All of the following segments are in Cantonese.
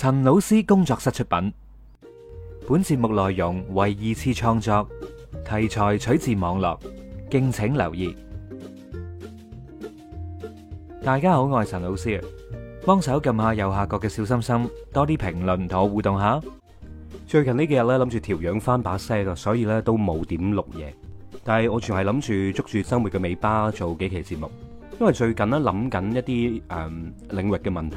陳老師工作室出品，本節目內容為二次創作，題材取自網絡，敬請留意。大家好，我係陳老師啊，幫手撳下右下角嘅小心心，多啲評論同我互動下。最近呢幾日咧，諗住調養翻把聲咯，所以咧都冇點錄嘢。但係我仲係諗住捉住周末嘅尾巴做幾期節目，因為最近咧諗緊一啲誒、嗯、領域嘅問題。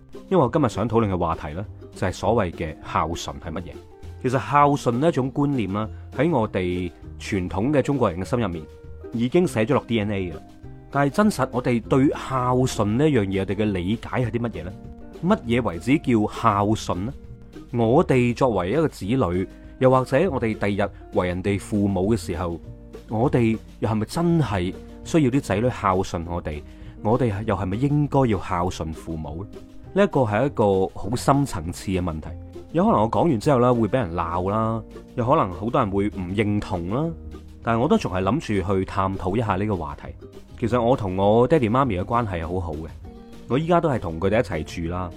因為我今日想討論嘅話題呢，就係所謂嘅孝順係乜嘢。其實孝順呢一種觀念啦，喺我哋傳統嘅中國人嘅心入面已經寫咗落 D N A 嘅。但係真實我哋對孝順呢一樣嘢，我哋嘅理解係啲乜嘢呢？乜嘢為之叫孝順呢？我哋作為一個子女，又或者我哋第日為人哋父母嘅時候，我哋又係咪真係需要啲仔女孝順我哋？我哋又係咪應該要孝順父母咧？呢個係一個好深層次嘅問題，有可能我講完之後咧會俾人鬧啦，又可能好多人會唔認同啦。但係我都仲係諗住去探討一下呢個話題。其實我同我爹地媽咪嘅關係係好好嘅，我依家都係同佢哋一齊住啦。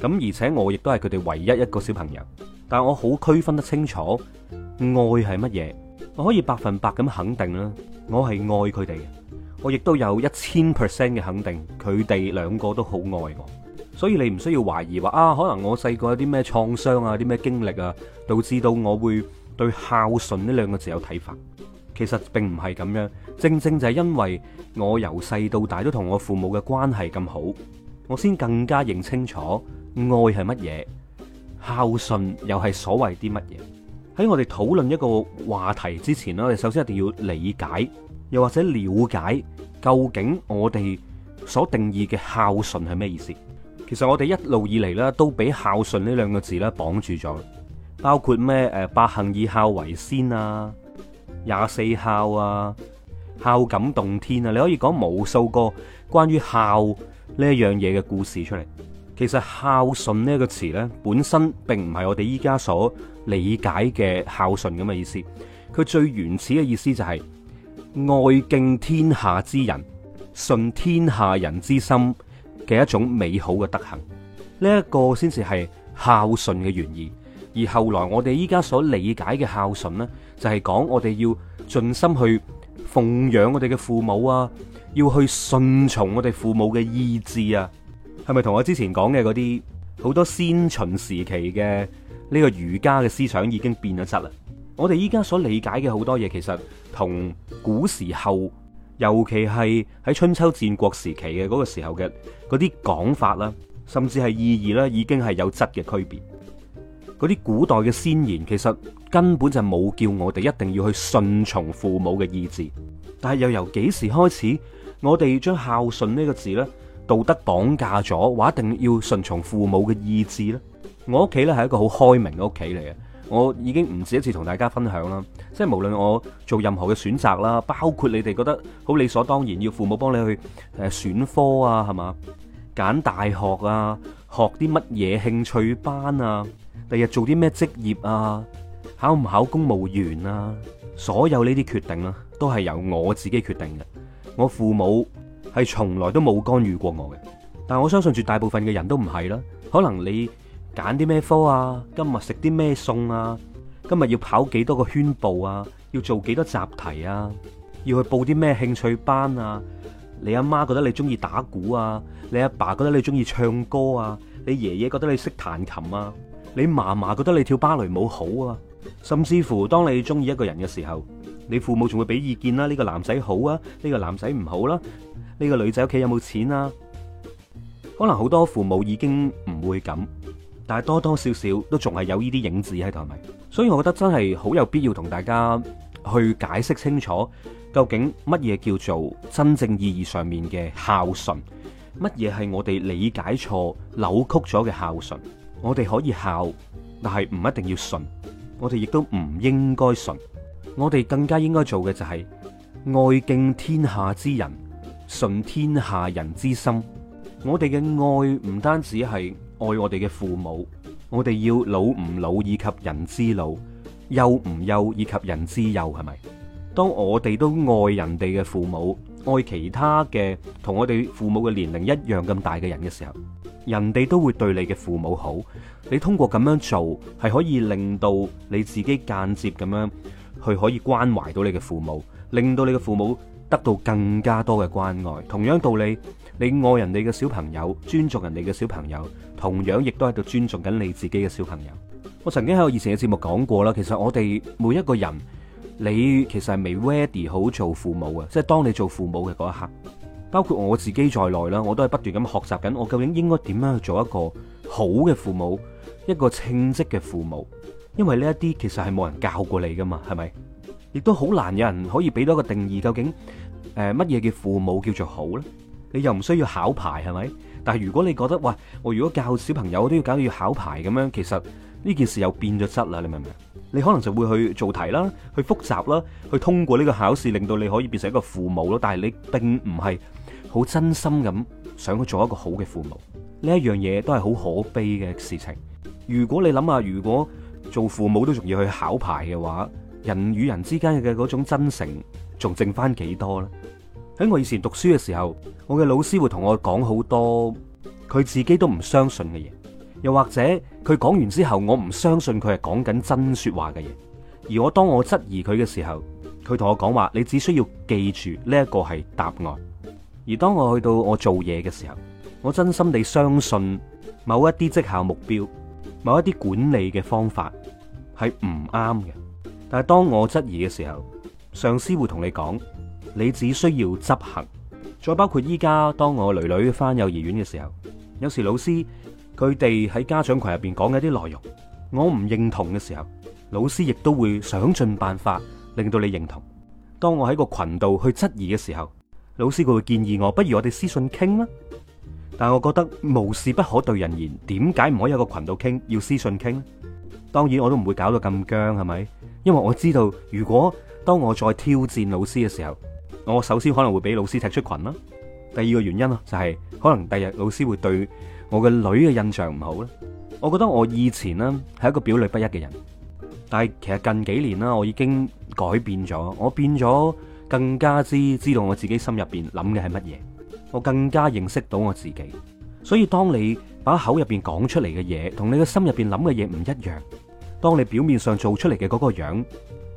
咁而且我亦都係佢哋唯一一個小朋友，但我好區分得清楚愛係乜嘢，我可以百分百咁肯定啦，我係愛佢哋。我亦都有一千 percent 嘅肯定，佢哋兩個都好愛我。所以你唔需要懷疑話啊，可能我細個有啲咩創傷啊，啲咩經歷啊，導致到我會對孝順呢兩個字有睇法。其實並唔係咁樣，正正就係因為我由細到大都同我父母嘅關係咁好，我先更加認清楚愛係乜嘢，孝順又係所謂啲乜嘢。喺我哋討論一個話題之前啦，我哋首先一定要理解，又或者了解究竟我哋所定義嘅孝順係咩意思。其實我哋一路以嚟啦，都俾孝順呢兩個字啦綁住咗，包括咩，誒，百行以孝為先啊，廿四孝啊，孝感動天啊，你可以講無數個關於孝呢一樣嘢嘅故事出嚟。其實孝順呢一個詞咧，本身並唔係我哋依家所理解嘅孝順咁嘅意思。佢最原始嘅意思就係愛敬天下之人，順天下人之心，嘅一種美好嘅德行，呢、這、一個先至係孝順嘅原意。而後來我哋依家所理解嘅孝順呢就係、是、講我哋要盡心去奉養我哋嘅父母啊，要去順從我哋父母嘅意志啊。係咪同我之前講嘅嗰啲好多先秦時期嘅呢、這個儒家嘅思想已經變咗質啦？我哋依家所理解嘅好多嘢，其實同古時候。尤其係喺春秋戰國時期嘅嗰個時候嘅嗰啲講法啦，甚至係意義啦，已經係有質嘅區別。嗰啲古代嘅先賢其實根本就冇叫我哋一定要去順從父母嘅意志，但係又由幾時開始，我哋將孝順呢個字呢，道德綁架咗，話一定要順從父母嘅意志咧？我屋企呢係一個好開明嘅屋企嚟嘅。我已經唔止一次同大家分享啦，即係無論我做任何嘅選擇啦，包括你哋覺得好理所當然要父母幫你去誒選科啊，係嘛？揀大學啊，學啲乜嘢興趣班啊，第日做啲咩職業啊，考唔考公務員啊，所有呢啲決定啦，啊，都係由我自己決定嘅。我父母係從來都冇干預過我嘅，但我相信絕大部分嘅人都唔係啦，可能你。揀啲咩科啊？今日食啲咩餸啊？今日要跑幾多個圈步啊？要做幾多集題啊？要去報啲咩興趣班啊？你阿媽覺得你中意打鼓啊？你阿爸覺得你中意唱歌啊？你爺爺覺得你識彈琴啊？你嫲嫲覺得你跳芭蕾舞好啊？甚至乎當你中意一個人嘅時候，你父母仲會俾意見啦。呢個男仔好啊，呢個男仔唔好啦。呢個女仔屋企有冇錢啊？可能好多父母已經唔會咁。但係多多少少都仲係有呢啲影子喺度，係咪？所以我覺得真係好有必要同大家去解釋清楚，究竟乜嘢叫做真正意義上面嘅孝順，乜嘢係我哋理解錯、扭曲咗嘅孝順？我哋可以孝，但係唔一定要順，我哋亦都唔應該順，我哋更加應該做嘅就係愛敬天下之人，順天下人之心。我哋嘅愛唔單止係。愛我哋嘅父母，我哋要老吾老以及人之老，幼吾幼以及人之幼，係咪？當我哋都愛人哋嘅父母，愛其他嘅同我哋父母嘅年齡一樣咁大嘅人嘅時候，人哋都會對你嘅父母好。你通過咁樣做，係可以令到你自己間接咁樣去可以關懷到你嘅父母，令到你嘅父母得到更加多嘅關愛。同樣道理。你愛人哋嘅小朋友，尊重人哋嘅小朋友，同樣亦都喺度尊重緊你自己嘅小朋友。我曾經喺我以前嘅節目講過啦，其實我哋每一個人，你其實係未 ready 好做父母嘅，即係當你做父母嘅嗰一刻，包括我自己在內啦，我都係不斷咁學習緊，我究竟應該點樣去做一個好嘅父母，一個稱職嘅父母？因為呢一啲其實係冇人教過你噶嘛，係咪？亦都好難有人可以俾到一個定義，究竟誒乜嘢嘅父母叫做好呢？你又唔需要考牌，係咪？但係如果你覺得哇，我如果教小朋友都要搞到要考牌咁樣，其實呢件事又變咗質啦。你明唔明？你可能就會去做題啦，去複習啦，去通過呢個考試，令到你可以變成一個父母咯。但係你並唔係好真心咁想去做一個好嘅父母。呢一樣嘢都係好可悲嘅事情。如果你諗下，如果做父母都仲要去考牌嘅話，人與人之間嘅嗰種真誠，仲剩翻幾多呢？喺我以前讀書嘅時候，我嘅老師會同我講好多佢自己都唔相信嘅嘢，又或者佢講完之後我唔相信佢係講緊真說話嘅嘢。而我當我質疑佢嘅時候，佢同我講話：你只需要記住呢一個係答案。而當我去到我做嘢嘅時候，我真心地相信某一啲績效目標、某一啲管理嘅方法係唔啱嘅。但係當我質疑嘅時候，上司會同你講。你只需要執行，再包括依家。當我女女翻幼兒園嘅時候，有時老師佢哋喺家長群入邊講嘅啲內容，我唔認同嘅時候，老師亦都會想盡辦法令到你認同。當我喺個群度去質疑嘅時候，老師佢會建議我不如我哋私信傾啦。但係我覺得無事不可對人言，點解唔可以喺個群度傾？要私信傾？當然我都唔會搞到咁僵，係咪？因為我知道如果當我再挑戰老師嘅時候。我首先可能會俾老師踢出群啦。第二個原因啊、就是，就係可能第日老師會對我嘅女嘅印象唔好啦。我覺得我以前咧係一個表裏不一嘅人，但係其實近幾年啦，我已經改變咗。我變咗更加之知道我自己心入邊諗嘅係乜嘢。我更加認識到我自己。所以當你把口入邊講出嚟嘅嘢同你嘅心入邊諗嘅嘢唔一樣，當你表面上做出嚟嘅嗰個樣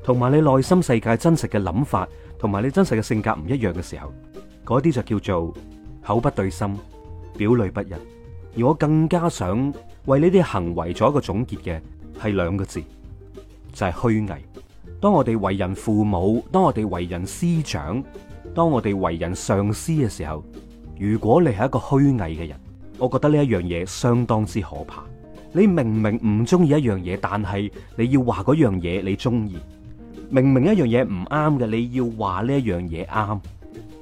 同埋你內心世界真實嘅諗法，同埋你真實嘅性格唔一樣嘅時候，嗰啲就叫做口不對心、表裏不一。而我更加想為呢啲行為做一個總結嘅係兩個字，就係、是、虛偽。當我哋為人父母，當我哋為人師長，當我哋為人上司嘅時候，如果你係一個虛偽嘅人，我覺得呢一樣嘢相當之可怕。你明明唔中意一樣嘢，但係你要話嗰樣嘢你中意。明明一樣嘢唔啱嘅，你要話呢一樣嘢啱；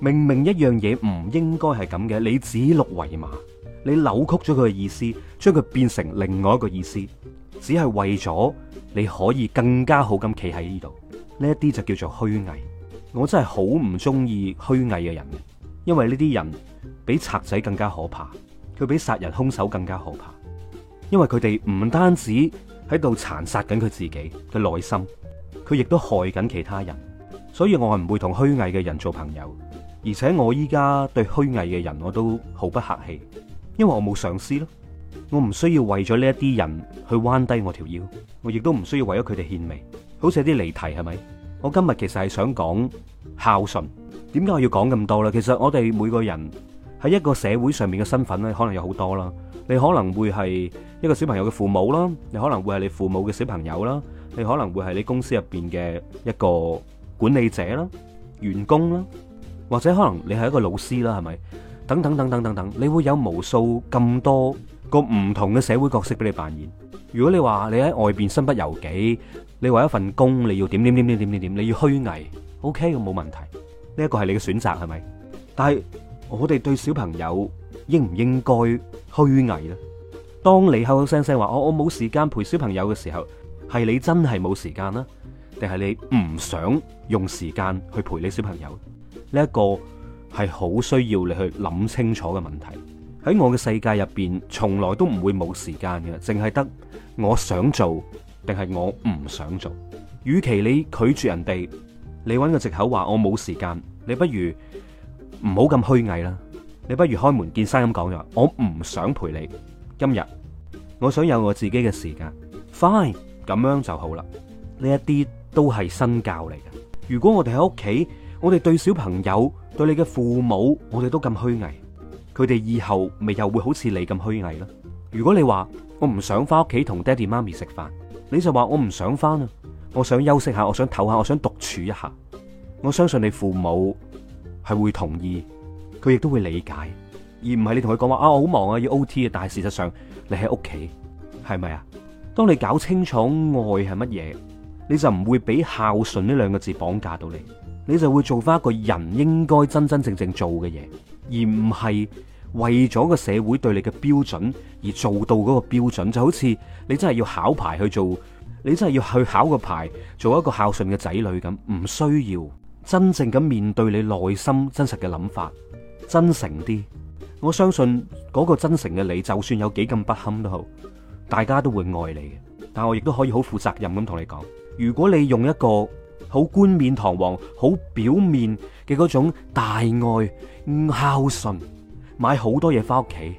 明明一樣嘢唔應該係咁嘅，你指鹿為馬，你扭曲咗佢嘅意思，將佢變成另外一個意思，只係為咗你可以更加好咁企喺呢度。呢一啲就叫做虛偽。我真係好唔中意虛偽嘅人，因為呢啲人比賊仔更加可怕，佢比殺人兇手更加可怕，因為佢哋唔單止喺度殘殺緊佢自己嘅內心。佢亦都害緊其他人，所以我係唔會同虛偽嘅人做朋友。而且我依家對虛偽嘅人我都毫不客氣，因為我冇上司咯，我唔需要為咗呢一啲人去彎低我條腰，我亦都唔需要為咗佢哋獻媚。好似啲離題係咪？我今日其實係想講孝順。點解我要講咁多咧？其實我哋每個人喺一個社會上面嘅身份咧，可能有好多啦。你可能會係一個小朋友嘅父母啦，你可能會係你父母嘅小朋友啦。你可能會係你公司入邊嘅一個管理者啦、員工啦，或者可能你係一個老師啦，係咪？等等等等等等，你會有無數咁多個唔同嘅社會角色俾你扮演。如果你話你喺外邊身不由己，你為一份工你要點點點點點點點，你要虛偽，OK，冇問題。呢一個係你嘅選擇係咪？但係我哋對小朋友應唔應該虛偽呢？當你口口聲聲話我我冇時間陪小朋友嘅時候。係你真係冇時間啦，定係你唔想用時間去陪你小朋友？呢一個係好需要你去諗清楚嘅問題。喺我嘅世界入邊，從來都唔會冇時間嘅，淨係得我想做，定係我唔想做。與其你拒絕人哋，你揾個借口話我冇時間，你不如唔好咁虛偽啦。你不如開門見山咁講咗，我唔想陪你今日，我想有我自己嘅時間。Fine。咁樣就好啦，呢一啲都係新教嚟嘅。如果我哋喺屋企，我哋對小朋友，對你嘅父母，我哋都咁虛偽，佢哋以後咪又會好似你咁虛偽囉。如果你話我唔想返屋企同爹地媽咪食飯，你就話我唔想返啊，我想休息下，我想唞下，下，我想獨處一下。我相信你父母係會同意，佢亦都會理解，而唔係你同佢講話啊，我好忙啊，要 OT 啊。但係事實上，你喺屋企係咪啊？是。當你搞清楚愛係乜嘢，你就唔會俾孝順呢兩個字綁架到你，你就會做翻一個人應該真真正正做嘅嘢，而唔係為咗個社會對你嘅標準而做到嗰個標準。就好似你真係要考牌去做，你真係要去考個牌做一個孝順嘅仔女咁，唔需要真正咁面對你內心真實嘅諗法，真誠啲。我相信嗰個真誠嘅你，就算有幾咁不堪都好。大家都會愛你嘅，但我亦都可以好負責任咁同你講，如果你用一個好冠冕堂皇、好表面嘅嗰種大愛孝順，買好多嘢翻屋企，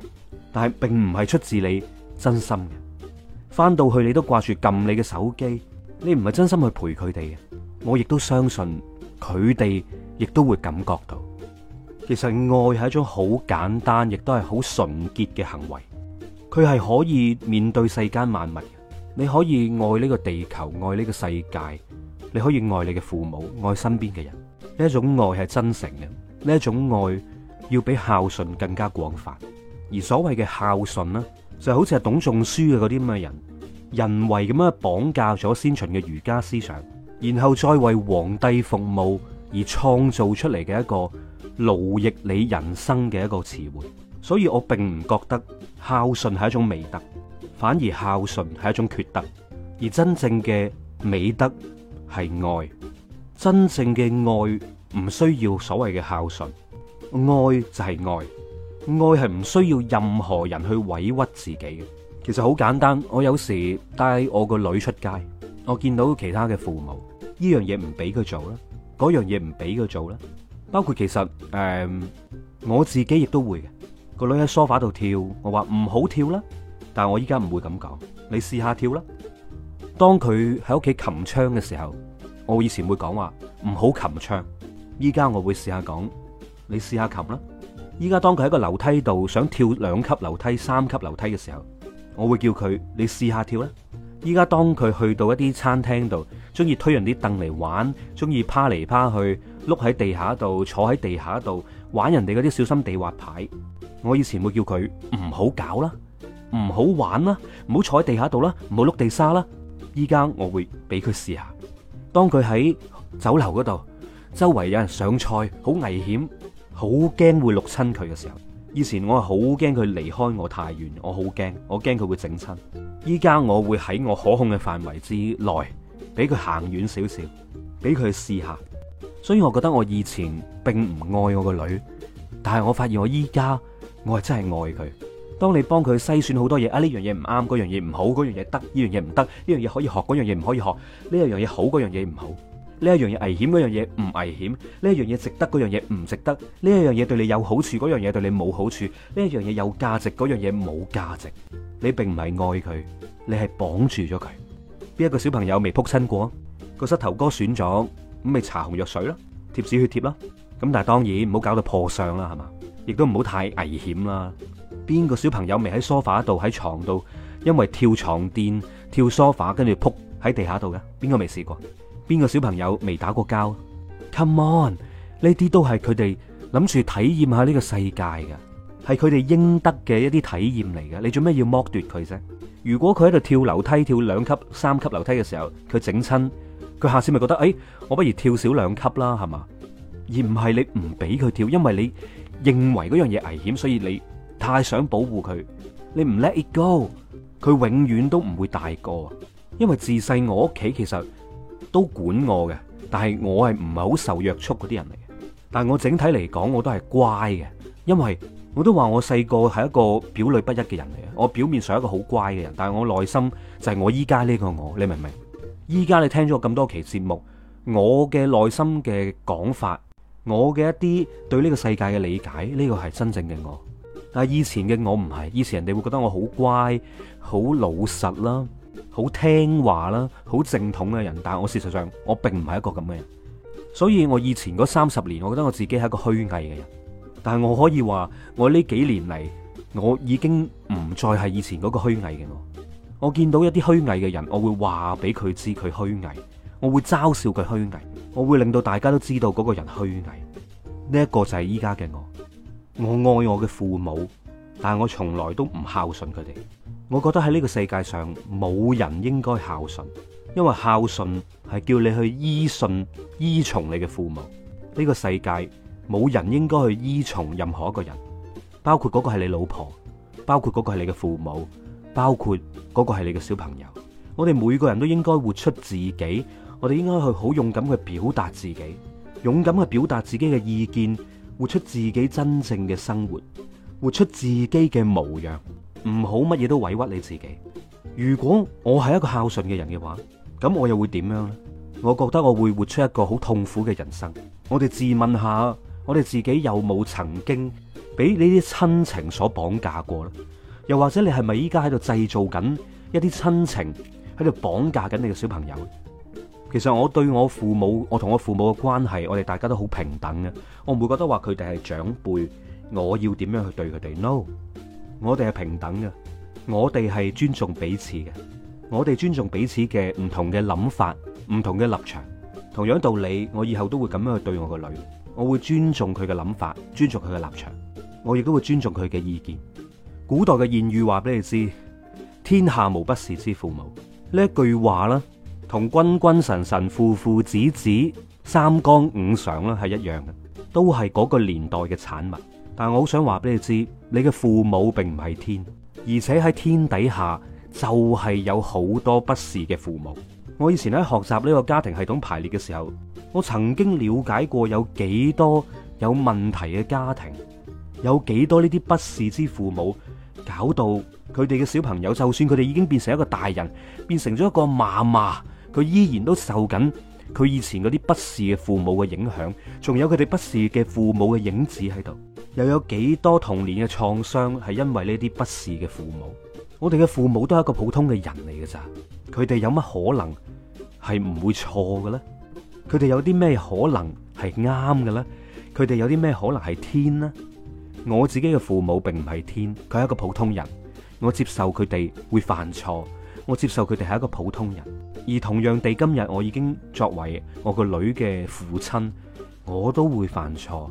但係並唔係出自你真心嘅，翻到去你都掛住撳你嘅手機，你唔係真心去陪佢哋嘅，我亦都相信佢哋亦都會感覺到，其實愛係一種好簡單，亦都係好純潔嘅行為。佢係可以面對世間萬物。你可以愛呢個地球，愛呢個世界，你可以愛你嘅父母，愛身邊嘅人。呢一種愛係真誠嘅，呢一種愛要比孝順更加廣泛。而所謂嘅孝順呢，就好似係董仲舒嘅嗰啲咁嘅人人為咁樣綁架咗先秦嘅儒家思想，然後再為皇帝服務而創造出嚟嘅一個奴役你人生嘅一個詞彙。所以我並唔覺得孝順係一種美德，反而孝順係一種缺德。而真正嘅美德係愛，真正嘅愛唔需要所謂嘅孝順，愛就係愛，愛係唔需要任何人去委屈自己嘅。其實好簡單，我有時帶我個女出街，我見到其他嘅父母，呢樣嘢唔俾佢做啦，嗰樣嘢唔俾佢做啦，包括其實誒、呃、我自己亦都會。個女喺 sofa 度跳，我話唔好跳啦。但我依家唔會咁講，你試下跳啦。當佢喺屋企擒槍嘅時候，我以前會講話唔好擒槍。依家我會試下講，你試下擒啦。依家當佢喺個樓梯度想跳兩級樓梯、三級樓梯嘅時候，我會叫佢你試下跳啦。依家當佢去到一啲餐廳度，中意推人啲凳嚟玩，中意趴嚟趴去，碌喺地下度，坐喺地下度玩人哋嗰啲小心地滑牌。我以前會叫佢唔好搞啦，唔好玩啦，唔好坐喺地下度啦，唔好碌地沙啦。依家我會俾佢試下，當佢喺酒樓嗰度，周圍有人上菜，好危險，好驚會碌親佢嘅時候。以前我係好驚佢離開我太遠，我好驚，我驚佢會整親。依家我會喺我可控嘅範圍之內，俾佢行遠少少，俾佢試下。所以我覺得我以前並唔愛我個女，但係我發現我依家。我係真係愛佢。當你幫佢篩選好多嘢，啊呢樣嘢唔啱，嗰樣嘢唔好，嗰樣嘢得，呢樣嘢唔得，呢樣嘢可以學，嗰樣嘢唔可以學，呢一樣嘢好，嗰樣嘢唔好，呢一樣嘢危險，嗰樣嘢唔危險，呢一樣嘢值得，嗰樣嘢唔值得，呢一樣嘢對你有好處，嗰樣嘢對你冇好處，呢一樣嘢有價值，嗰樣嘢冇價值。你並唔係愛佢，你係綁住咗佢。邊一個小朋友未撲親過，個膝頭哥損咗，咁咪搽紅藥水啦，貼止血貼啦。咁但係當然唔好搞到破相啦，係嘛？亦都唔好太危險啦。邊個小朋友未喺梳化度喺床度，因為跳床墊、跳梳化，跟住撲喺地下度嘅？邊個未試過？邊個小朋友未打過交？Come on，呢啲都係佢哋諗住體驗下呢個世界嘅，係佢哋應得嘅一啲體驗嚟嘅。你做咩要剝奪佢啫？如果佢喺度跳樓梯，跳兩級、三級樓梯嘅時候，佢整親，佢下次咪覺得誒、哎，我不如跳少兩級啦，係嘛？而唔係你唔俾佢跳，因為你，認為嗰樣嘢危險，所以你太想保護佢，你唔 let it go，佢永遠都唔會大個啊！因為自細我屋企其實都管我嘅，但係我係唔係好受約束嗰啲人嚟嘅，但係我整體嚟講我都係乖嘅，因為我都話我細個係一個表裏不一嘅人嚟啊！我表面上一個好乖嘅人，但係我內心就係我依家呢個我，你明唔明？依家你聽咗咁多期節目，我嘅內心嘅講法。我嘅一啲對呢個世界嘅理解，呢個係真正嘅我。但係以前嘅我唔係，以前人哋會覺得我好乖、好老實啦、好聽話啦、好正統嘅人。但係我事實上我並唔係一個咁嘅人。所以我以前嗰三十年，我覺得我自己係一個虛偽嘅人。但係我可以話，我呢幾年嚟，我已經唔再係以前嗰個虛偽嘅我。我見到一啲虛偽嘅人，我會話俾佢知佢虛偽，我會嘲笑佢虛偽。我會令到大家都知道嗰個人虛偽，呢一個就係依家嘅我。我愛我嘅父母，但係我從來都唔孝順佢哋。我覺得喺呢個世界上冇人應該孝順，因為孝順係叫你去依順、依從你嘅父母。呢個世界冇人應該去依從任何一個人，包括嗰個係你老婆，包括嗰個係你嘅父母，包括嗰個係你嘅小朋友。我哋每個人都應該活出自己。我哋應該去好勇敢去表達自己，勇敢去表達自己嘅意見，活出自己真正嘅生活，活出自己嘅模樣，唔好乜嘢都委屈你自己。如果我係一個孝順嘅人嘅話，咁我又會點樣呢？我覺得我會活出一個好痛苦嘅人生。我哋自問下，我哋自己有冇曾經俾呢啲親情所綁架過呢？又或者你係咪依家喺度製造緊一啲親情喺度綁架緊你嘅小朋友？其實我對我父母，我同我父母嘅關係，我哋大家都好平等嘅，我唔會覺得話佢哋係長輩，我要點樣去對佢哋？No，我哋係平等嘅，我哋係尊重彼此嘅，我哋尊重彼此嘅唔同嘅諗法，唔同嘅立場。同樣道理，我以後都會咁樣去對我個女，我會尊重佢嘅諗法，尊重佢嘅立場，我亦都會尊重佢嘅意見。古代嘅諺語話俾你知：天下無不是之父母。呢一句話啦。同君君臣臣父父子子三綱五常咧，係一樣嘅，都係嗰個年代嘅產物。但係我好想話俾你知，你嘅父母並唔係天，而且喺天底下就係有好多不是嘅父母。我以前喺學習呢個家庭系統排列嘅時候，我曾經了解過有幾多有問題嘅家庭，有幾多呢啲不是之父母，搞到佢哋嘅小朋友，就算佢哋已經變成一個大人，變成咗一個嫲嫲。佢依然都受緊佢以前嗰啲不是嘅父母嘅影響，仲有佢哋不是嘅父母嘅影子喺度，又有幾多童年嘅創傷係因為呢啲不是嘅父母？我哋嘅父母都係一個普通嘅人嚟㗎咋，佢哋有乜可能係唔會錯嘅咧？佢哋有啲咩可能係啱嘅咧？佢哋有啲咩可能係天呢？我自己嘅父母並唔係天，佢係一個普通人。我接受佢哋會犯錯，我接受佢哋係一個普通人。而同樣地，今日我已經作為我個女嘅父親，我都會犯錯，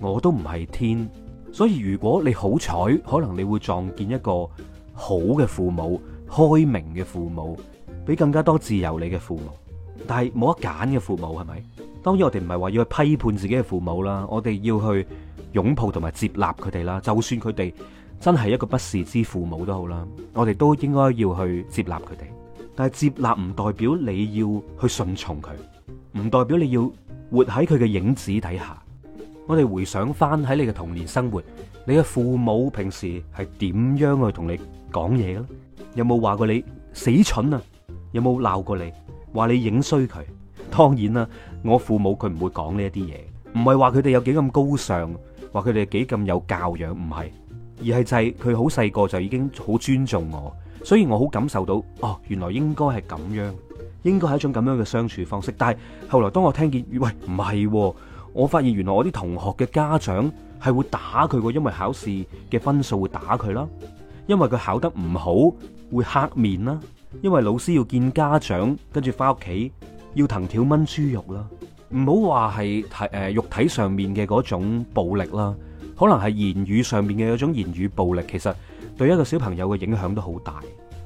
我都唔係天。所以如果你好彩，可能你會撞見一個好嘅父母、開明嘅父母，俾更加多自由你嘅父母。但係冇得揀嘅父母係咪？當然我哋唔係話要去批判自己嘅父母啦，我哋要去擁抱同埋接納佢哋啦。就算佢哋真係一個不是之父母都好啦，我哋都應該要去接納佢哋。但係接納唔代表你要去順從佢，唔代表你要活喺佢嘅影子底下。我哋回想翻，喺你嘅童年生活，你嘅父母平時係點樣去同你講嘢嘅？有冇話過你死蠢啊？有冇鬧過你，話你影衰佢？當然啦，我父母佢唔會講呢一啲嘢，唔係話佢哋有幾咁高尚，話佢哋幾咁有教養，唔係，而係就係佢好細個就已經好尊重我。所以我好感受到，哦，原來應該係咁樣，應該係一種咁樣嘅相處方式。但係後來當我聽見，喂，唔係，哦，我發現原來我啲同學嘅家長係會打佢喎，因為考試嘅分數會打佢啦，因為佢考得唔好會黑面啦，因為老師要見家長，跟住翻屋企要藤條炆豬肉啦。唔好話，係體誒肉體上面嘅嗰種暴力啦，可能係言語上面嘅嗰種言語暴力，其實。對一個小朋友嘅影響都好大，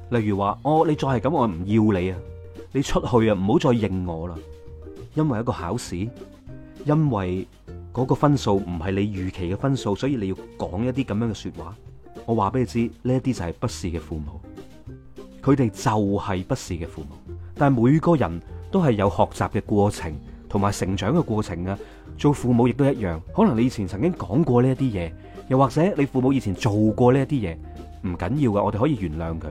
例如話，哦，你再係咁，我唔要你啊！你出去啊，唔好再認我啦！因為一個考試，因為嗰個分數唔係你預期嘅分數，所以你要講一啲咁樣嘅說話。我話俾你知，呢一啲就係不是嘅父母，佢哋就係不是嘅父母。但係每個人都係有學習嘅過程，同埋成長嘅過程啊！做父母亦都一樣，可能你以前曾經講過呢一啲嘢，又或者你父母以前做過呢一啲嘢。唔緊要嘅，我哋可以原諒佢。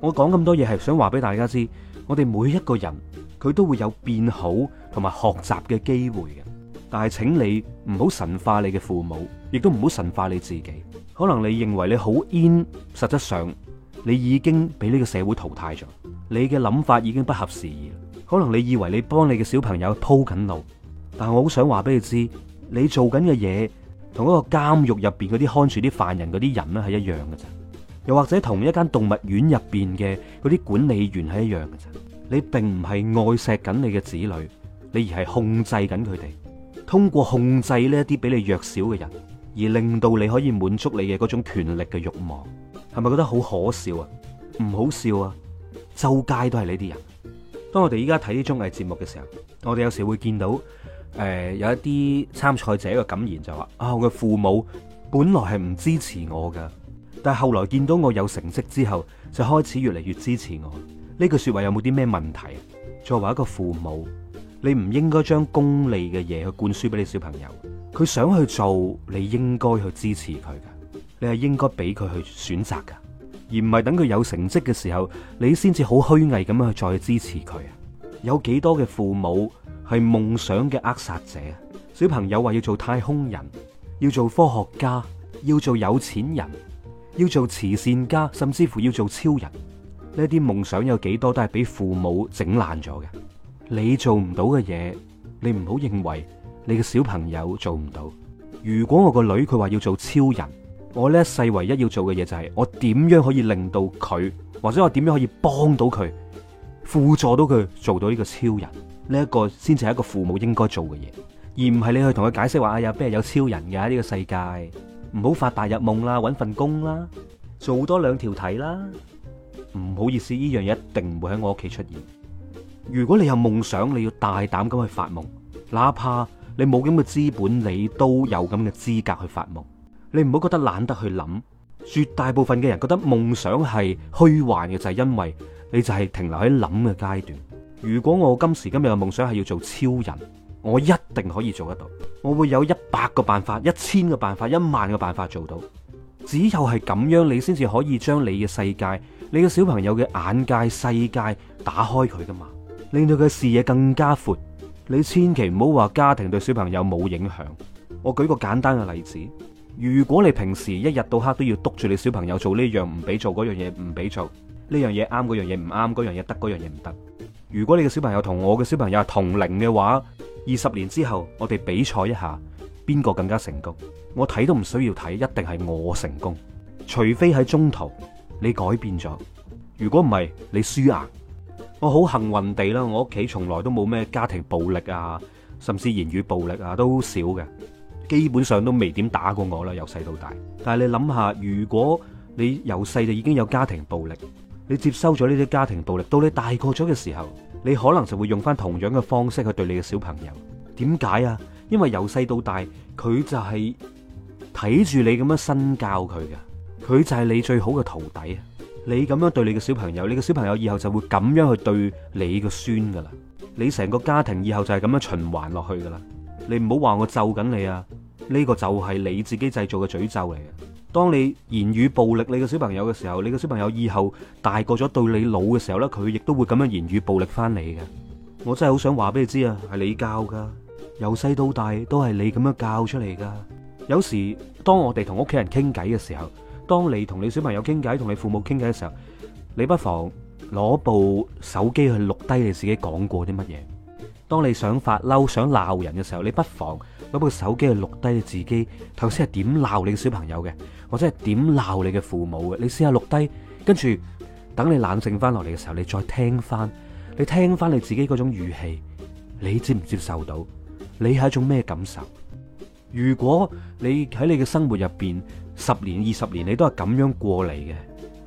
我講咁多嘢係想話俾大家知，我哋每一個人佢都會有變好同埋學習嘅機會嘅。但係，請你唔好神化你嘅父母，亦都唔好神化你自己。可能你認為你好 in，實質上你已經俾呢個社會淘汰咗。你嘅諗法已經不合時宜。可能你以為你幫你嘅小朋友鋪緊路，但係我好想話俾你知，你做緊嘅嘢同一個監獄入邊嗰啲看住啲犯人嗰啲人咧係一樣嘅。咋？又或者同一間動物園入邊嘅嗰啲管理員係一樣嘅啫，你並唔係愛錫緊你嘅子女，你而係控制緊佢哋，通過控制呢一啲比你弱小嘅人，而令到你可以滿足你嘅嗰種權力嘅欲望，係咪覺得好可笑啊？唔好笑啊！周街都係呢啲人。當我哋依家睇啲綜藝節目嘅時候，我哋有時會見到誒、呃、有一啲參賽者嘅感言就話：啊，我嘅父母本來係唔支持我㗎。但係後來見到我有成績之後，就開始越嚟越支持我。呢句說話有冇啲咩問題？作為一個父母，你唔應該將功利嘅嘢去灌輸俾你小朋友。佢想去做，你應該去支持佢㗎。你係應該俾佢去選擇噶，而唔係等佢有成績嘅時候，你先至好虛偽咁樣去再支持佢。有幾多嘅父母係夢想嘅扼殺者啊？小朋友話要做太空人，要做科學家，要做有錢人。要做慈善家，甚至乎要做超人，呢啲夢想有幾多都係俾父母整爛咗嘅。你做唔到嘅嘢，你唔好認為你嘅小朋友做唔到。如果我個女佢話要做超人，我呢一世唯一要做嘅嘢就係我點樣可以令到佢，或者我點樣可以幫到佢，輔助到佢做到呢個超人，呢一個先至係一個父母應該做嘅嘢，而唔係你去同佢解釋話哎呀，邊有超人嘅呢個世界。唔好發白日夢啦，搵份工啦，做多兩條體啦。唔好意思，呢樣嘢一定唔會喺我屋企出現。如果你有夢想，你要大膽咁去發夢，哪怕你冇咁嘅資本，你都有咁嘅資格去發夢。你唔好覺得懶得去諗。絕大部分嘅人覺得夢想係虛幻嘅，就係因為你就係停留喺諗嘅階段。如果我今時今日嘅夢想係要做超人。我一定可以做得到，我會有一百個辦法、一千個辦法、一萬個辦法做到。只有係咁樣，你先至可以將你嘅世界、你嘅小朋友嘅眼界、世界打開佢噶嘛，令到佢視野更加闊。你千祈唔好話家庭對小朋友冇影響。我舉個簡單嘅例子，如果你平時一日到黑都要督住你小朋友做呢樣，唔俾做嗰樣嘢，唔俾做呢樣嘢，啱，嗰樣嘢唔啱，嗰樣嘢得，嗰樣嘢唔得。如果你嘅小朋友同我嘅小朋友係同齡嘅話，二十年之後，我哋比賽一下，邊個更加成功？我睇都唔需要睇，一定係我成功。除非喺中途你改變咗，如果唔係，你輸啊！我好幸運地啦，我屋企從來都冇咩家庭暴力啊，甚至言語暴力啊都少嘅，基本上都未點打過我啦，由細到大。但係你諗下，如果你由細就已經有家庭暴力，你接收咗呢啲家庭暴力，到你大個咗嘅時候。你可能就會用翻同樣嘅方式去對你嘅小朋友，點解啊？因為由細到大，佢就係睇住你咁樣身教佢嘅，佢就係你最好嘅徒弟啊！你咁樣對你嘅小朋友，你嘅小朋友以後就會咁樣去對你個孫噶啦，你成個家庭以後就係咁樣循環落去噶啦，你唔好話我咒緊你啊！呢個就係你自己製造嘅詛咒嚟嘅。當你言語暴力你個小朋友嘅時候，你個小朋友以後大個咗對你老嘅時候呢，佢亦都會咁樣言語暴力翻你嘅。我真係好想話俾你知啊，係你教噶，由細到大都係你咁樣教出嚟噶。有時當我哋同屋企人傾偈嘅時候，當你同你小朋友傾偈，同你父母傾偈嘅時候，你不妨攞部手機去錄低你自己講過啲乜嘢。當你想發嬲、想鬧人嘅時候，你不妨，攞部手機去錄低你自己頭先係點鬧你嘅小朋友嘅，或者係點鬧你嘅父母嘅，你試下錄低，跟住等你冷靜翻落嚟嘅時候，你再聽翻，你聽翻你自己嗰種語氣，你接唔接受到？你係一種咩感受？如果你喺你嘅生活入邊十年二十年你都係咁樣過嚟嘅，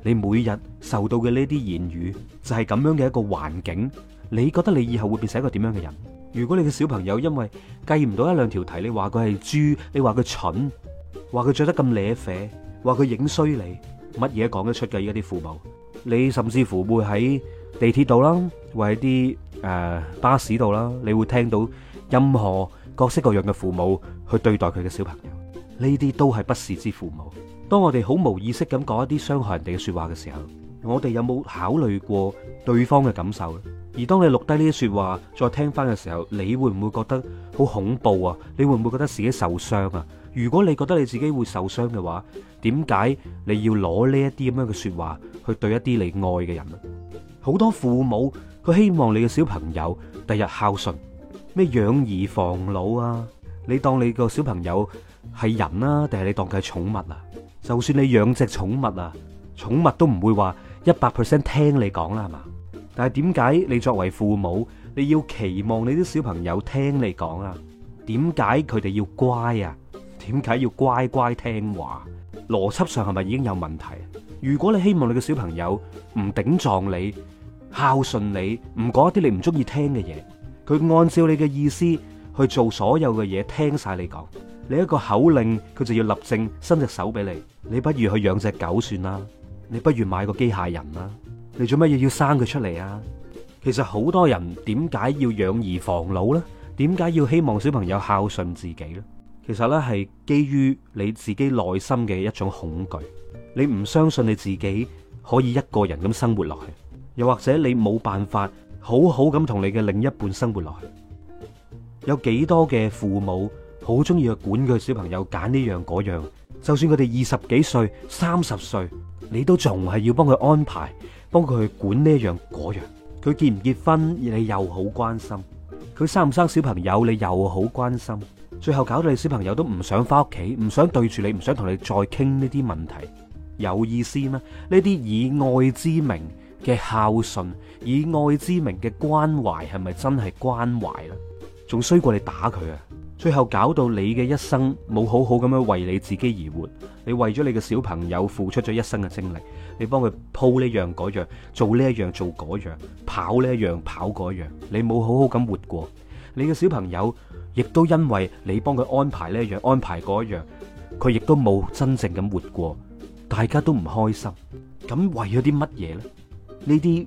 你每日受到嘅呢啲言語就係咁樣嘅一個環境，你覺得你以後會變成一個點樣嘅人？如果你嘅小朋友因為計唔到一兩條題，你話佢係豬，你話佢蠢，話佢着得咁邋遢，話佢影衰你，乜嘢都講得出嘅。而家啲父母，你甚至乎會喺地鐵度啦，或者喺啲、呃、巴士度啦，你會聽到任何各式各樣嘅父母去對待佢嘅小朋友。呢啲都係不善之父母。當我哋好無意識咁講一啲傷害人哋嘅說話嘅時候，我哋有冇考慮過對方嘅感受咧？而當你錄低呢啲説話，再聽翻嘅時候，你會唔會覺得好恐怖啊？你會唔會覺得自己受傷啊？如果你覺得你自己會受傷嘅話，點解你要攞呢一啲咁樣嘅説話去對一啲你愛嘅人咧？好多父母佢希望你嘅小朋友第日孝順，咩養兒防老啊？你當你個小朋友係人啊？定係你當佢係寵物啊？就算你養隻寵物啊，寵物都唔會話一百 percent 聽你講啦，係嘛？但係點解你作為父母，你要期望你啲小朋友聽你講啊？點解佢哋要乖啊？點解要乖乖聽話？邏輯上係咪已經有問題？如果你希望你嘅小朋友唔頂撞你、孝順你、唔講一啲你唔中意聽嘅嘢，佢按照你嘅意思去做所有嘅嘢，聽晒你講，你一個口令，佢就要立正伸隻手俾你，你不如去養隻狗算啦，你不如買個機械人啦。你做乜嘢要生佢出嚟啊？其實好多人點解要養兒防老呢？點解要希望小朋友孝順自己呢？其實呢係基於你自己內心嘅一種恐懼，你唔相信你自己可以一個人咁生活落去，又或者你冇辦法好好咁同你嘅另一半生活落去。有幾多嘅父母好中意去管佢小朋友揀呢樣嗰樣，就算佢哋二十幾歲、三十歲，你都仲係要幫佢安排。.幫佢去管呢樣嗰樣，佢結唔結婚你又好關心，佢生唔生小朋友你又好關心，最後搞到你小朋友都唔想翻屋企，唔想對住你，唔想同你再傾呢啲問題，有意思咩？呢啲以愛之名嘅孝順，以愛之名嘅關懷，係咪真係關懷呢？仲衰過你打佢啊！最後搞到你嘅一生冇好好咁樣為你自己而活，你為咗你嘅小朋友付出咗一生嘅精力。你幫佢鋪呢樣嗰樣，做呢一樣做嗰樣，跑呢一樣跑嗰樣，你冇好好咁活過，你嘅小朋友亦都因為你幫佢安排呢樣安排嗰樣，佢亦都冇真正咁活過，大家都唔開心，咁為咗啲乜嘢呢？呢啲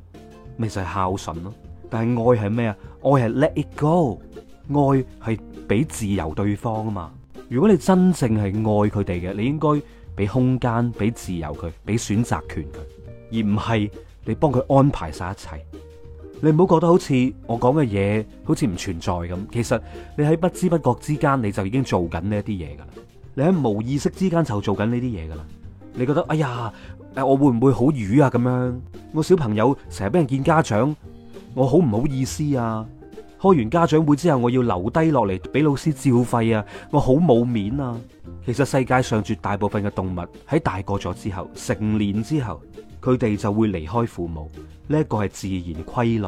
咪就係孝順咯，但係愛係咩啊？愛係 let it go，愛係俾自由對方啊嘛。如果你真正係愛佢哋嘅，你應該。俾空間，俾自由佢，俾選擇權佢，而唔係你幫佢安排晒一切。你唔好覺得好似我講嘅嘢，好似唔存在咁。其實你喺不知不覺之間，你就已經做緊呢啲嘢噶啦。你喺無意識之間就做緊呢啲嘢噶啦。你覺得哎呀，誒，我會唔會好瘀啊？咁樣，我小朋友成日俾人見家長，我好唔好意思啊？開完家長會之後，我要留低落嚟俾老師照肺啊！我好冇面啊！其實世界上絕大部分嘅動物喺大個咗之後、成年之後，佢哋就會離開父母，呢一個係自然規律。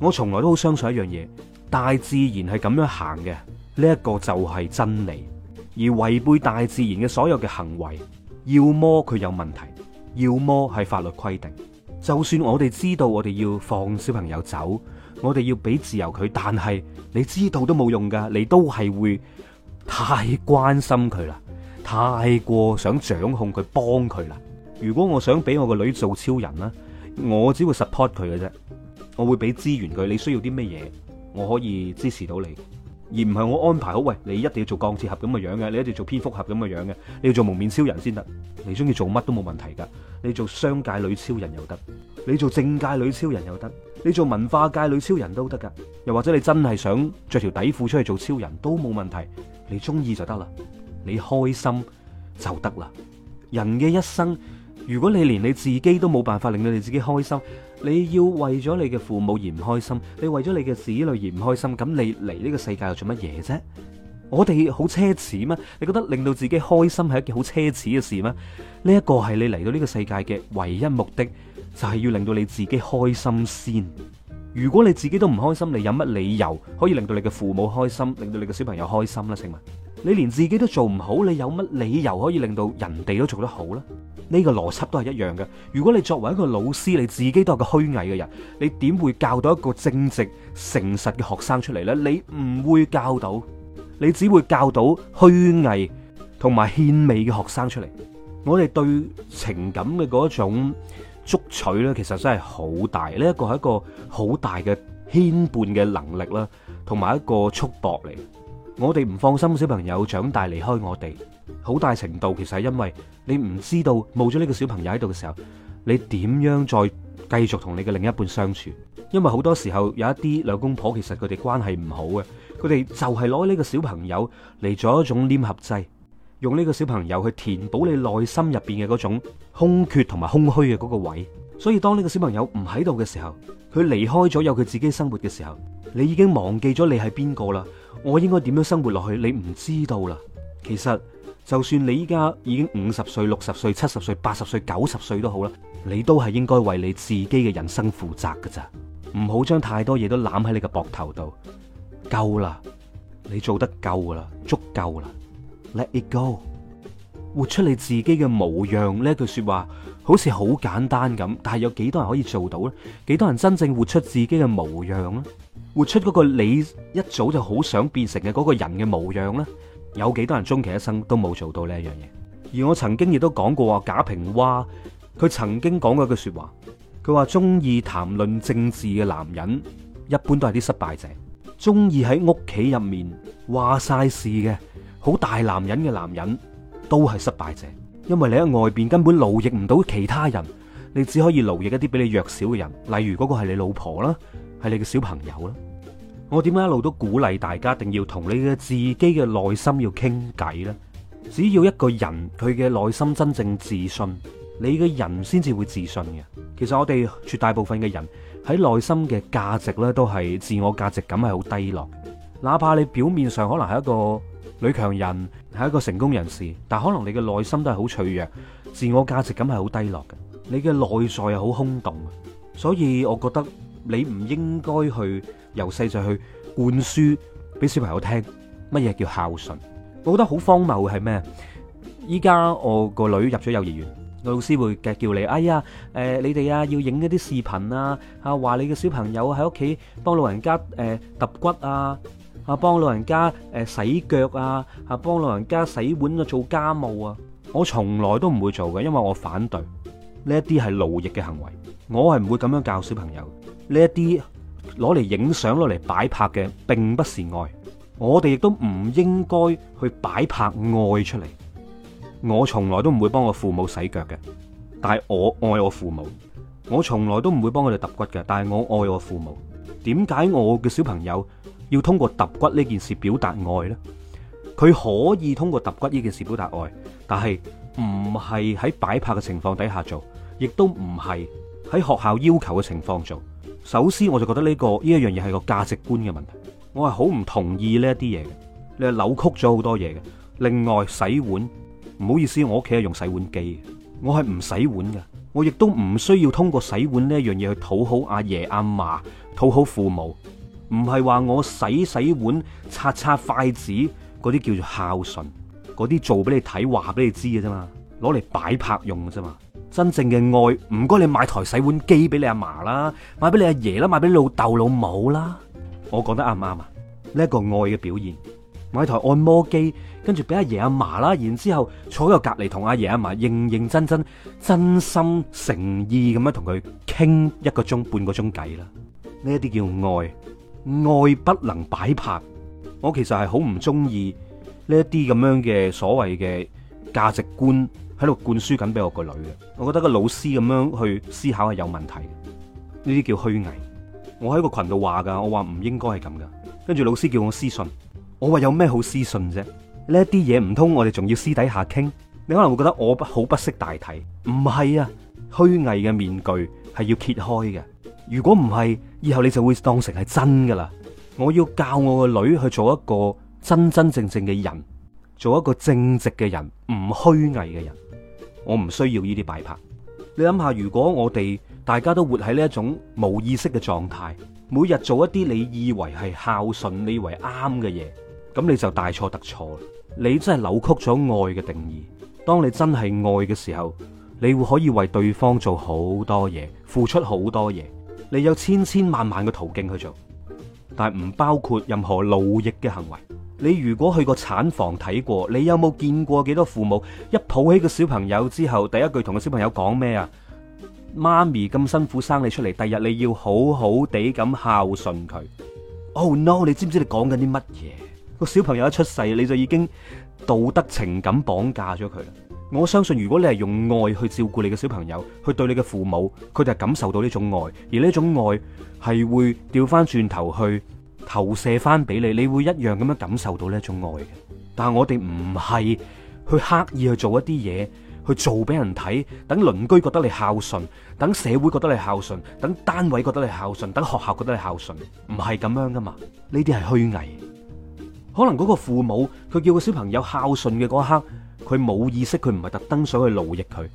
我從來都好相信一樣嘢，大自然係咁樣行嘅，呢一個就係真理。而違背大自然嘅所有嘅行為，要麼佢有問題，要麼係法律規定。就算我哋知道我哋要放小朋友走。我哋要俾自由佢，但係你知道都冇用噶，你都係會太關心佢啦，太過想掌控佢，幫佢啦。如果我想俾我個女做超人啦，我只會 support 佢嘅啫，我會俾資源佢。你需要啲咩嘢，我可以支持到你，而唔係我安排好。喂，你一定要做鋼鐵俠咁嘅樣嘅，你一定要做蝙蝠俠咁嘅樣嘅，你要做蒙面超人先得。你中意做乜都冇問題噶，你做商界女超人又得，你做政界女超人又得。你做文化界女超人都得㗎，又或者你真係想着條底褲出去做超人都冇問題，你中意就得啦，你開心就得啦。人嘅一生，如果你連你自己都冇辦法令到你自己開心，你要為咗你嘅父母而唔開心，你為咗你嘅子女而唔開心，咁你嚟呢個世界又做乜嘢啫？我哋好奢侈咩？你覺得令到自己開心係一件好奢侈嘅事咩？呢一個係你嚟到呢個世界嘅唯一目的。就係要令到你自己開心先。如果你自己都唔開心，你有乜理由可以令到你嘅父母開心，令到你嘅小朋友開心呢？請問，你連自己都做唔好，你有乜理由可以令到人哋都做得好呢？呢個邏輯都係一樣嘅。如果你作為一個老師，你自己都係個虛偽嘅人，你點會教到一個正直、誠實嘅學生出嚟呢？你唔會教到，你只會教到虛偽同埋獻媚嘅學生出嚟。我哋對情感嘅嗰一種。捉取咧，其實真係好大，呢一個係一個好大嘅牽絆嘅能力啦，同埋一個束縛嚟。我哋唔放心小朋友長大離開我哋，好大程度其實係因為你唔知道冇咗呢個小朋友喺度嘅時候，你點樣再繼續同你嘅另一半相處？因為好多時候有一啲兩公婆其實佢哋關係唔好嘅，佢哋就係攞呢個小朋友嚟做一種黏合劑。用呢個小朋友去填補你內心入邊嘅嗰種空缺同埋空虛嘅嗰個位，所以當呢個小朋友唔喺度嘅時候，佢離開咗，有佢自己生活嘅時候，你已經忘記咗你係邊個啦。我應該點樣生活落去？你唔知道啦。其實就算你依家已經五十歲、六十歲、七十歲、八十歲、九十歲都好啦，你都係應該為你自己嘅人生負責噶咋。唔好將太多嘢都攬喺你嘅膊頭度，夠啦，你做得夠噶啦，足夠啦。Let it go，活出你自己嘅模樣呢句說話，好似好簡單咁，但係有幾多人可以做到咧？幾多人真正活出自己嘅模樣咧？活出嗰個你一早就好想變成嘅嗰個人嘅模樣咧？有幾多人終其一生都冇做到呢一樣嘢？而我曾經亦都講過話，賈平凹佢曾經講過句說話，佢話中意談論政治嘅男人，一般都係啲失敗者，中意喺屋企入面話晒事嘅，好大男人嘅男人都係失敗者，因為你喺外邊根本勞役唔到其他人，你只可以勞役一啲比你弱小嘅人，例如嗰個係你老婆啦，係你嘅小朋友啦。我點解一路都鼓勵大家，一定要同你嘅自己嘅內心要傾偈咧？只要一個人佢嘅內心真正自信，你嘅人先至會自信嘅。其實我哋絕大部分嘅人喺內心嘅價值咧，都係自我價值感係好低落，哪怕你表面上可能係一個。女強人係一個成功人士，但可能你嘅內心都係好脆弱，自我價值感係好低落嘅，你嘅內在係好空洞。所以我覺得你唔應該去由細就去灌輸俾小朋友聽乜嘢叫孝順。我覺得好荒謬係咩？依家我個女入咗幼兒園，老師會嘅叫你，哎呀，誒、呃，你哋啊要影一啲視頻啊，啊，話你嘅小朋友喺屋企幫老人家誒揼、呃、骨啊。啊！幫老人家誒、呃、洗腳啊！啊幫老人家洗碗啊，做家務啊！我從來都唔會做嘅，因為我反對呢一啲係勞役嘅行為。我係唔會咁樣教小朋友。呢一啲攞嚟影相、攞嚟擺拍嘅，並不是愛。我哋亦都唔應該去擺拍愛出嚟。我從來都唔會幫我父母洗腳嘅，但係我愛我父母。我從來都唔會幫佢哋揼骨嘅，但係我愛我父母。點解我嘅小朋友？要通過揼骨呢件事表達愛，呢佢可以通過揼骨呢件事表達愛，但係唔係喺擺拍嘅情況底下做，亦都唔係喺學校要求嘅情況做。首先，我就覺得呢個呢一樣嘢係個價值觀嘅問題，我係好唔同意呢一啲嘢嘅，你係扭曲咗好多嘢嘅。另外，洗碗，唔好意思，我屋企係用洗碗機，我係唔洗碗嘅，我亦都唔需要通過洗碗呢一樣嘢去討好阿爺阿嫲，討好父母。唔係話我洗洗碗、擦擦筷子嗰啲叫做孝順，嗰啲做俾你睇、話俾你知嘅啫嘛，攞嚟擺拍用嘅啫嘛。真正嘅愛，唔該，你買台洗碗機俾你阿嫲啦，買俾你阿爺啦，買俾老豆老母啦。我講得啱唔啱啊？呢一個愛嘅表現，買台按摩機，跟住俾阿爺阿嫲啦，然之後坐喺度隔籬同阿爺阿嫲認認真真、真心誠意咁樣同佢傾一個鐘半個鐘計啦。呢一啲叫愛。愛不能擺拍，我其實係好唔中意呢一啲咁樣嘅所謂嘅價值觀喺度灌輸緊俾我個女嘅。我覺得個老師咁樣去思考係有問題，呢啲叫虛偽。我喺個群度話噶，我話唔應該係咁噶。跟住老師叫我私信，我話有咩好私信啫？呢一啲嘢唔通我哋仲要私底下傾？你可能會覺得我不好不識大體，唔係啊，虛偽嘅面具係要揭開嘅。如果唔係，以後你就會當成係真噶啦。我要教我個女去做一個真真正正嘅人，做一個正直嘅人，唔虛偽嘅人。我唔需要呢啲擺拍。你諗下，如果我哋大家都活喺呢一種冇意識嘅狀態，每日做一啲你以為係孝順、你以為啱嘅嘢，咁你就大錯特錯啦。你真係扭曲咗愛嘅定義。當你真係愛嘅時候，你會可以為對方做好多嘢，付出好多嘢。你有千千萬萬嘅途徑去做，但係唔包括任何奴役嘅行為。你如果去過產房睇過，你有冇見過幾多父母一抱起個小朋友之後，第一句同個小朋友講咩啊？媽咪咁辛苦生你出嚟，第日你要好好地咁孝順佢。Oh no！你知唔知你講緊啲乜嘢？個小朋友一出世，你就已經道德情感綁架咗佢啦。我相信如果你係用愛去照顧你嘅小朋友，去對你嘅父母，佢哋係感受到呢種愛，而呢種愛係會掉翻轉頭去投射翻俾你，你會一樣咁樣感受到呢一種愛嘅。但係我哋唔係去刻意去做一啲嘢去做俾人睇，等鄰居覺得你孝順，等社會覺得你孝順，等單位覺得你孝順，等學校覺得你孝順，唔係咁樣噶嘛？呢啲係虛偽。可能嗰個父母佢叫個小朋友孝順嘅嗰刻。佢冇意識，佢唔係特登想去奴役佢，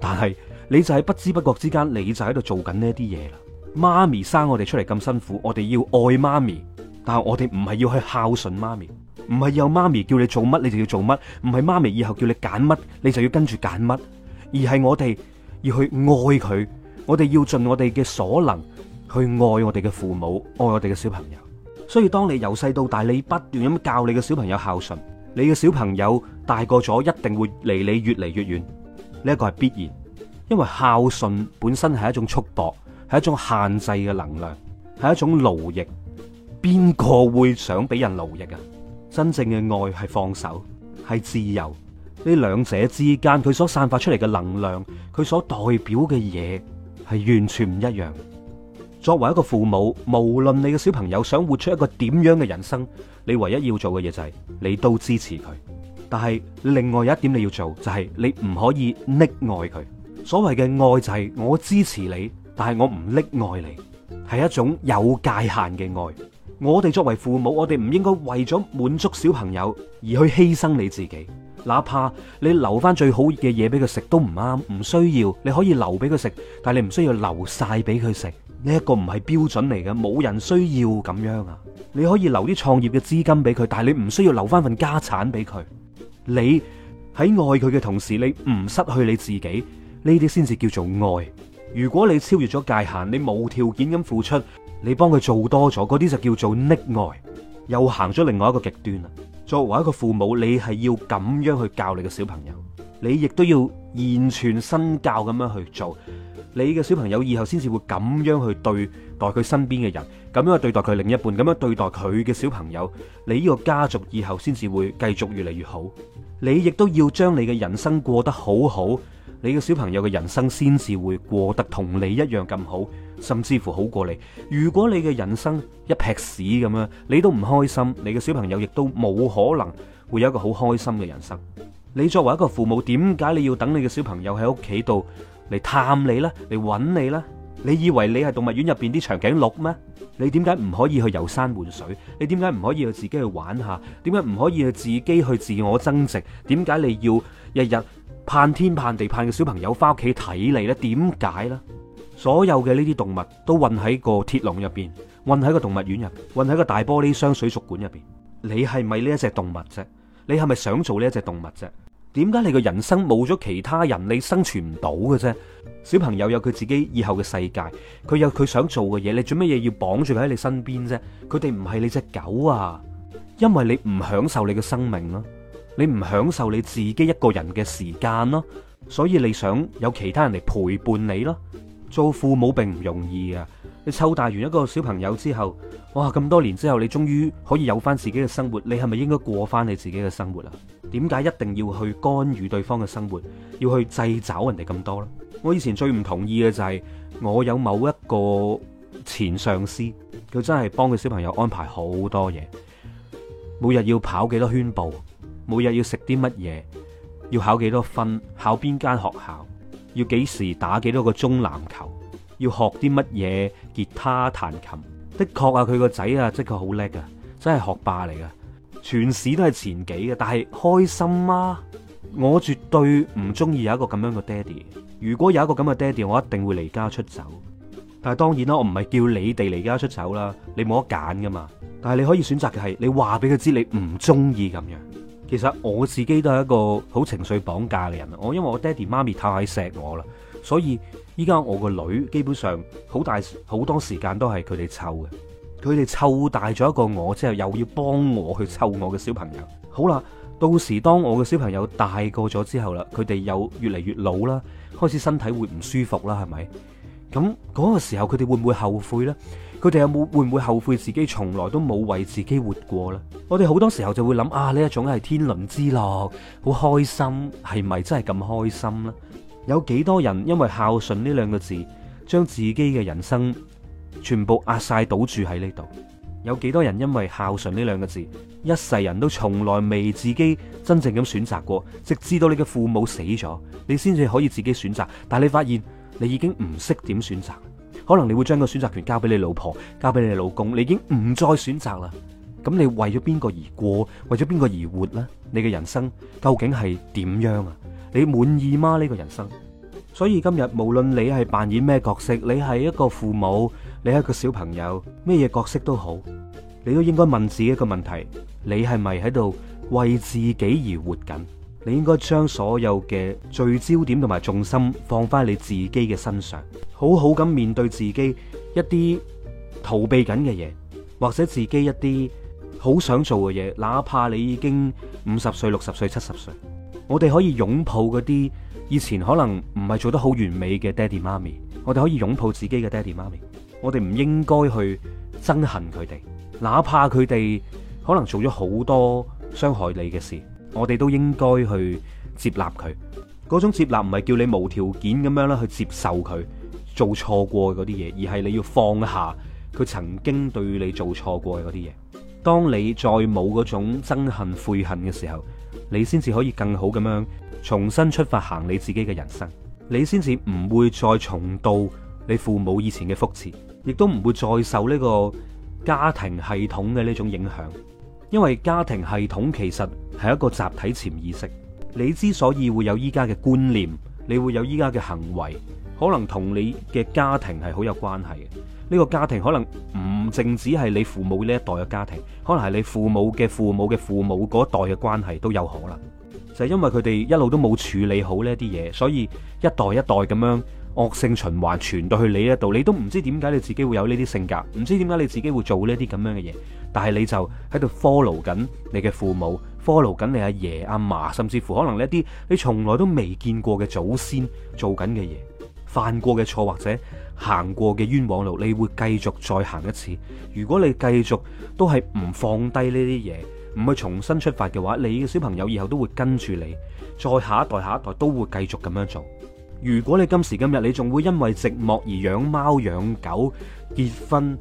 但係你就喺不知不覺之間，你就喺度做緊呢啲嘢啦。媽咪生我哋出嚟咁辛苦，我哋要愛媽咪，但係我哋唔係要去孝順媽咪，唔係有媽咪叫你做乜你就要做乜，唔係媽咪以後叫你揀乜你就要跟住揀乜，而係我哋要去愛佢，我哋要盡我哋嘅所能去愛我哋嘅父母，愛我哋嘅小朋友。所以當你由細到大，你不斷咁教你嘅小朋友孝順，你嘅小朋友大個咗，一定會離你越嚟越遠，呢個係必然，因為孝順本身係一種束縛，係一種限制嘅能量，係一種奴役。邊個會想俾人奴役啊？真正嘅愛係放手，係自由。呢兩者之間，佢所散發出嚟嘅能量，佢所代表嘅嘢，係完全唔一樣。作為一個父母，無論你嘅小朋友想活出一個點樣嘅人生。你唯一要做嘅嘢就係你都支持佢，但係另外有一點你要做就係你唔可以溺愛佢。所謂嘅愛就係我支持你，但係我唔溺愛你，係一種有界限嘅愛。我哋作為父母，我哋唔應該為咗滿足小朋友而去犧牲你自己。哪怕你留翻最好嘅嘢俾佢食都唔啱，唔需要。你可以留俾佢食，但係你唔需要留晒俾佢食。呢一個唔係標準嚟嘅，冇人需要咁樣啊！你可以留啲創業嘅資金俾佢，但係你唔需要留翻份家產俾佢。你喺愛佢嘅同時，你唔失去你自己，呢啲先至叫做愛。如果你超越咗界限，你無條件咁付出，你幫佢做多咗，嗰啲就叫做溺愛，又行咗另外一個極端啦。作為一個父母，你係要咁樣去教你嘅小朋友。你亦都要言傳身教咁樣去做，你嘅小朋友以後先至會咁樣去對待佢身邊嘅人，咁樣去對待佢另一半，咁樣去對待佢嘅小朋友，你呢個家族以後先至會繼續越嚟越好。你亦都要將你嘅人生過得好好，你嘅小朋友嘅人生先至會過得同你一樣咁好，甚至乎好過你。如果你嘅人生一劈屎咁樣，你都唔開心，你嘅小朋友亦都冇可能會有一個好開心嘅人生。你作為一個父母，點解你要等你嘅小朋友喺屋企度嚟探你咧，嚟揾你咧？你以為你係動物園入邊啲長頸鹿咩？你點解唔可以去遊山玩水？你點解唔可以去自己去玩下？點解唔可以去自己去自我增值？點解你要日日盼天盼地盼嘅小朋友返屋企睇你呢？點解呢？所有嘅呢啲動物都困喺個鐵籠入邊，困喺個動物園入邊，困喺個大玻璃箱水族館入邊。你係咪呢一隻動物啫？你係咪想做呢一隻動物啫？點解你個人生冇咗其他人你生存唔到嘅啫？小朋友有佢自己以後嘅世界，佢有佢想做嘅嘢，你做乜嘢，要綁住佢喺你身邊啫？佢哋唔係你隻狗啊！因為你唔享受你嘅生命咯，你唔享受你自己一個人嘅時間咯，所以你想有其他人嚟陪伴你咯。做父母並唔容易啊！你湊大完一個小朋友之後，哇！咁多年之後，你終於可以有翻自己嘅生活，你係咪應該過翻你自己嘅生活啊？點解一定要去干預對方嘅生活，要去制找人哋咁多咧？我以前最唔同意嘅就係、是，我有某一個前上司，佢真係幫佢小朋友安排好多嘢，每日要跑幾多圈步，每日要食啲乜嘢，要考幾多分，考邊間學校。要幾時打幾多個鐘籃球？要學啲乜嘢吉他彈琴？的確啊，佢個仔啊，的確好叻啊，真係學霸嚟噶，全市都係前幾嘅。但係開心嗎？我絕對唔中意有一個咁樣嘅爹哋。如果有一個咁嘅爹哋，我一定會離家出走。但係當然啦，我唔係叫你哋離家出走啦，你冇得揀噶嘛。但係你可以選擇嘅係，你話俾佢知你唔中意咁樣。其實我自己都係一個好情緒綁架嘅人，我因為我爹地媽咪太錫我啦，所以依家我個女基本上好大好多時間都係佢哋湊嘅，佢哋湊大咗一個我之後，又要幫我去湊我嘅小朋友。好啦，到時當我嘅小朋友大個咗之後啦，佢哋又越嚟越老啦，開始身體會唔舒服啦，係咪？咁嗰個時候佢哋會唔會後悔呢？佢哋有冇會唔會後悔自己從來都冇為自己活過呢？我哋好多時候就會諗啊，呢一種係天倫之樂，好開心，係咪真係咁開心呢？有幾多人因為孝順呢兩個字，將自己嘅人生全部壓晒賭注喺呢度？有幾多人因為孝順呢兩個字，一世人都從來未自己真正咁選擇過，直至到你嘅父母死咗，你先至可以自己選擇，但係你發現你已經唔識點選擇。可能你會將個選擇權交俾你老婆，交俾你老公。你已經唔再選擇啦。咁你為咗邊個而過，為咗邊個而活咧？你嘅人生究竟係點樣啊？你滿意嗎？呢個人生。所以今日無論你係扮演咩角色，你係一個父母，你係一個小朋友，咩嘢角色都好，你都應該問自己一個問題：你係咪喺度為自己而活緊？你應該將所有嘅聚焦點同埋重心放翻喺你自己嘅身上，好好咁面對自己一啲逃避緊嘅嘢，或者自己一啲好想做嘅嘢。哪怕你已經五十歲、六十歲、七十歲，我哋可以擁抱嗰啲以前可能唔係做得好完美嘅爹哋媽咪。我哋可以擁抱自己嘅爹哋媽咪。我哋唔應該去憎恨佢哋，哪怕佢哋可能做咗好多傷害你嘅事。我哋都應該去接納佢嗰種接納，唔係叫你無條件咁樣啦去接受佢做錯過嗰啲嘢，而係你要放下佢曾經對你做錯過嗰啲嘢。當你再冇嗰種憎恨、悔恨嘅時候，你先至可以更好咁樣重新出發，行你自己嘅人生。你先至唔會再重蹈你父母以前嘅覆轍，亦都唔會再受呢個家庭系統嘅呢種影響，因為家庭系統其實。係一個集體潛意識。你之所以會有依家嘅觀念，你會有依家嘅行為，可能同你嘅家庭係好有關係嘅。呢、這個家庭可能唔淨止係你父母呢一代嘅家庭，可能係你父母嘅父母嘅父母嗰一代嘅關係都有可能。就係、是、因為佢哋一路都冇處理好呢啲嘢，所以一代一代咁樣惡性循環傳到去你呢度，你都唔知點解你自己會有呢啲性格，唔知點解你自己會做呢啲咁樣嘅嘢。但係你就喺度 follow 緊你嘅父母。follow 緊你阿爺阿嫲，甚至乎可能一啲你從來都未見過嘅祖先做緊嘅嘢，犯過嘅錯或者行過嘅冤枉路，你會繼續再行一次。如果你繼續都係唔放低呢啲嘢，唔去重新出發嘅話，你嘅小朋友以後都會跟住你，再下一代下一代都會繼續咁樣做。如果你今時今日你仲會因為寂寞而養貓養狗、結婚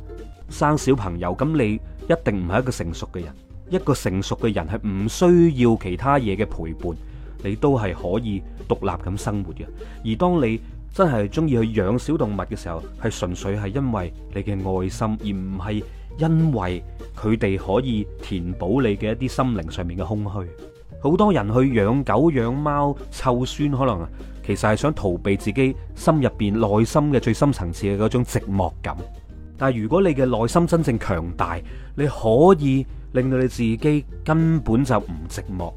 生小朋友，咁你一定唔係一個成熟嘅人。一個成熟嘅人係唔需要其他嘢嘅陪伴，你都係可以獨立咁生活嘅。而當你真係中意去養小動物嘅時候，係純粹係因為你嘅愛心，而唔係因為佢哋可以填補你嘅一啲心靈上面嘅空虛。好多人去養狗養貓、湊孫，可能其實係想逃避自己心入邊內心嘅最深層次嘅嗰種寂寞感。但如果你嘅內心真正強大，你可以。令到你自己根本就唔寂寞，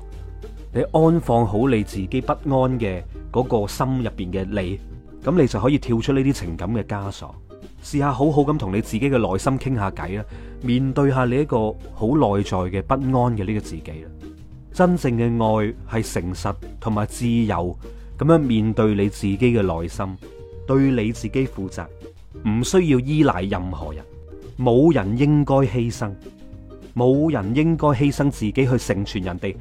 你安放好你自己不安嘅嗰個心入邊嘅你，咁你就可以跳出呢啲情感嘅枷鎖。試下好好咁同你自己嘅內心傾下偈啦，面對下你一個好內在嘅不安嘅呢個自己啦。真正嘅愛係誠實同埋自由，咁樣面對你自己嘅內心，對你自己負責，唔需要依賴任何人，冇人應該犧牲。冇人應該犧牲自己去成全人哋，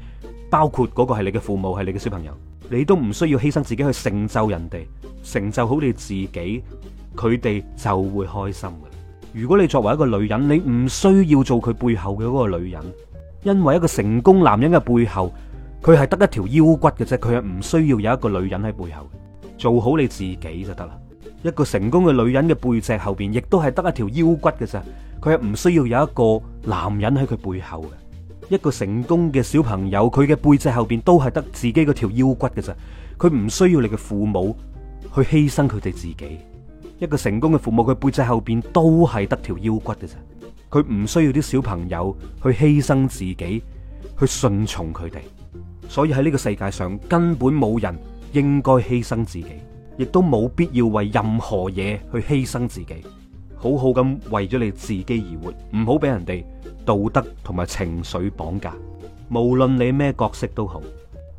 包括嗰個係你嘅父母，係你嘅小朋友，你都唔需要犧牲自己去成就人哋，成就好你自己，佢哋就會開心嘅。如果你作為一個女人，你唔需要做佢背後嘅嗰個女人，因為一個成功男人嘅背後，佢係得一條腰骨嘅啫，佢係唔需要有一個女人喺背後，做好你自己就得啦。一個成功嘅女人嘅背脊後邊，亦都係得一條腰骨嘅啫。佢係唔需要有一個男人喺佢背後嘅，一個成功嘅小朋友，佢嘅背脊後邊都係得自己嗰條腰骨嘅咋，佢唔需要你嘅父母去犧牲佢哋自己。一個成功嘅父母，佢背脊後邊都係得條腰骨嘅咋，佢唔需要啲小朋友去犧牲自己，去順從佢哋。所以喺呢個世界上根本冇人應該犧牲自己，亦都冇必要為任何嘢去犧牲自己。好好咁為咗你自己而活，唔好俾人哋道德同埋情緒綁架。無論你咩角色都好，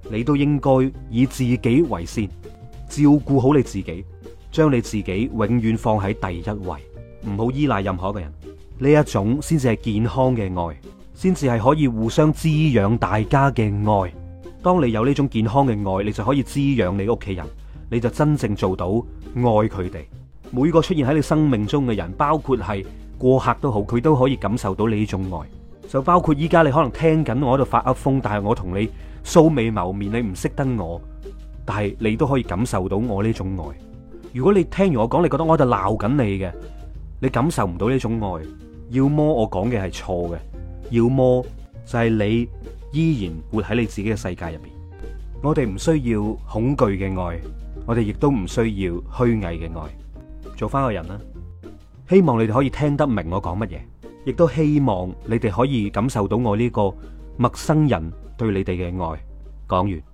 你都應該以自己為先，照顧好你自己，將你自己永遠放喺第一位，唔好依賴任何嘅人。呢一種先至係健康嘅愛，先至係可以互相滋養大家嘅愛。當你有呢種健康嘅愛，你就可以滋養你屋企人，你就真正做到愛佢哋。每個出現喺你生命中嘅人，包括係過客都好，佢都可以感受到你呢種愛。就包括依家你可能聽緊我喺度發噏風，但係我同你素未謀面，你唔識得我，但係你都可以感受到我呢種愛。如果你聽完我講，你覺得我喺度鬧緊你嘅，你感受唔到呢種愛，要麼我講嘅係錯嘅，要麼就係你依然活喺你自己嘅世界入邊。我哋唔需要恐懼嘅愛，我哋亦都唔需要虛偽嘅愛。做翻個人啦，希望你哋可以聽得明我講乜嘢，亦都希望你哋可以感受到我呢個陌生人對你哋嘅愛。講完。